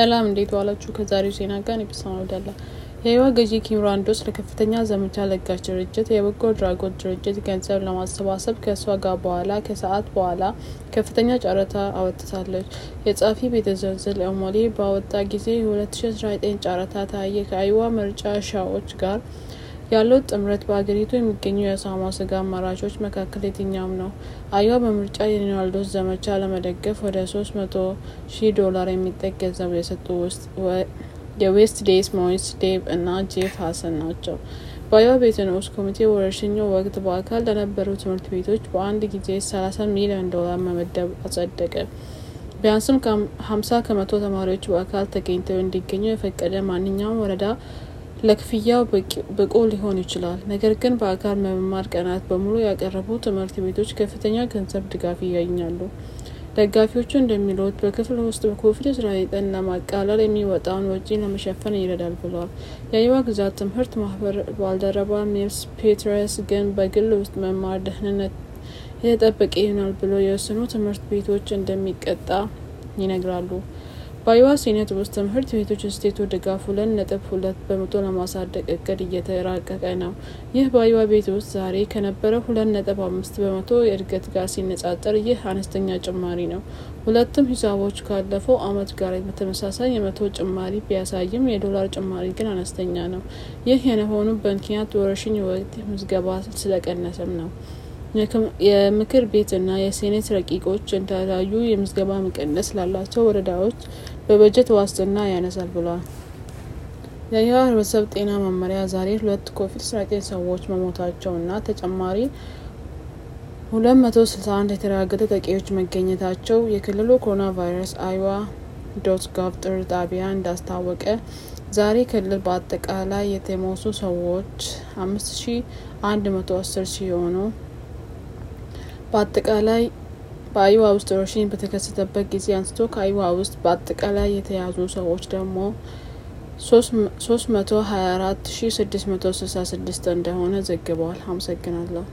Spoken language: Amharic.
ሰላም እንዴት ዋላችሁ? ከዛሬው ዜና ጋር ኔፕሳን ወዳላ የህዋ ገዢ ኪምራንዶስ ለከፍተኛ ዘመቻ ለጋሽ ድርጅት የበጎ አድራጎት ድርጅት ገንዘብ ለማሰባሰብ ከእሷ ጋር በኋላ ከሰዓት በኋላ ከፍተኛ ጨረታ አወጥታለች። የጻፊ ቤተዘንዝል ኦሞሌ ባወጣ ጊዜ የ2019 ጨረታ ታየ ከአይዋ ምርጫ ሻዎች ጋር ያለው ጥምረት በአገሪቱ የሚገኙ የአሳማ ስጋ አማራጮች መካከል የትኛውም ነው። አዮዋ በምርጫ የሮናልዶን ዘመቻ ለመደገፍ ወደ ሶስት ሺህ ዶላር የሚጠቅ ገንዘብ የሰጡ የዌስት ዴስ ሞይስ ዴቭ እና ጄፍ ሀሰን ናቸው። በአዮዋ ቤተ ንዑስ ኮሚቴ ወረርሽኙ ወቅት በአካል ለነበሩ ትምህርት ቤቶች በአንድ ጊዜ 30 ሚሊዮን ዶላር መመደብ አጸደቀ። ቢያንስም 50 ከመቶ ተማሪዎች በአካል ተገኝተው እንዲገኙ የፈቀደ ማንኛውም ወረዳ ለክፍያው ብቁ ሊሆን ይችላል። ነገር ግን በአካል መማር ቀናት በሙሉ ያቀረቡ ትምህርት ቤቶች ከፍተኛ ገንዘብ ድጋፍ ያገኛሉ። ደጋፊዎቹ እንደሚሉት በክፍል ውስጥ በኮቪድ 19 ን ለማቃለል የሚወጣውን ወጪ ለመሸፈን ይረዳል ብለዋል። የአይዋ ግዛት ትምህርት ማህበር ባልደረባ ኒልስ ፔትረስ ግን በግል ውስጥ መማር ደህንነት የተጠበቀ ይሆናል ብሎ የወሰኑ ትምህርት ቤቶች እንደሚቀጣ ይነግራሉ። በአይዋ ሴኔት ውስጥ ትምህርት ቤቶች ስቴቱ ድጋፍ ሁለት ነጥብ ሁለት በመቶ ለማሳደግ እቅድ እየተራቀቀ ነው። ይህ በአይዋ ቤት ውስጥ ዛሬ ከነበረ ሁለት ነጥብ አምስት በመቶ የእድገት ጋር ሲነጻጠር ይህ አነስተኛ ጭማሪ ነው። ሁለቱም ሂሳቦች ካለፈው አመት ጋር በተመሳሳይ የመቶ ጭማሪ ቢያሳይም የዶላር ጭማሪ ግን አነስተኛ ነው። ይህ የነሆኑ በምክንያት ወረርሽኝ ወቅት ምዝገባ ስለቀነሰም ነው። የምክር ቤትና የሴኔት ረቂቆች የተለያዩ የምዝገባ መቀነስ ላላቸው ወረዳዎች በበጀት ዋስትና ያነሳል ብለዋል። የአየዋ ህብረተሰብ ጤና መመሪያ ዛሬ ሁለት ኮቪድ አስራ ዘጠኝ ሰዎች መሞታቸውና ተጨማሪ ሁለት መቶ ስልሳ አንድ የተረጋገጠ ተጠቂዎች መገኘታቸው የክልሉ ኮሮና ቫይረስ አይዋ ዶት ጋቭ ጥር ጣቢያ እንዳስታወቀ ዛሬ ክልል በአጠቃላይ የተሞቱ ሰዎች አምስት ሺ አንድ መቶ አስር ሲሆኑ በአጠቃላይ በአይዋ ውስጥ ወረርሽኝ በተከሰተበት ጊዜ አንስቶ ከአይዋ ውስጥ በአጠቃላይ የተያዙ ሰዎች ደግሞ ሶስት መቶ ሀያ አራት ሺ ስድስት መቶ ስልሳ ስድስት እንደሆነ ዘግበዋል። አመሰግናለሁ።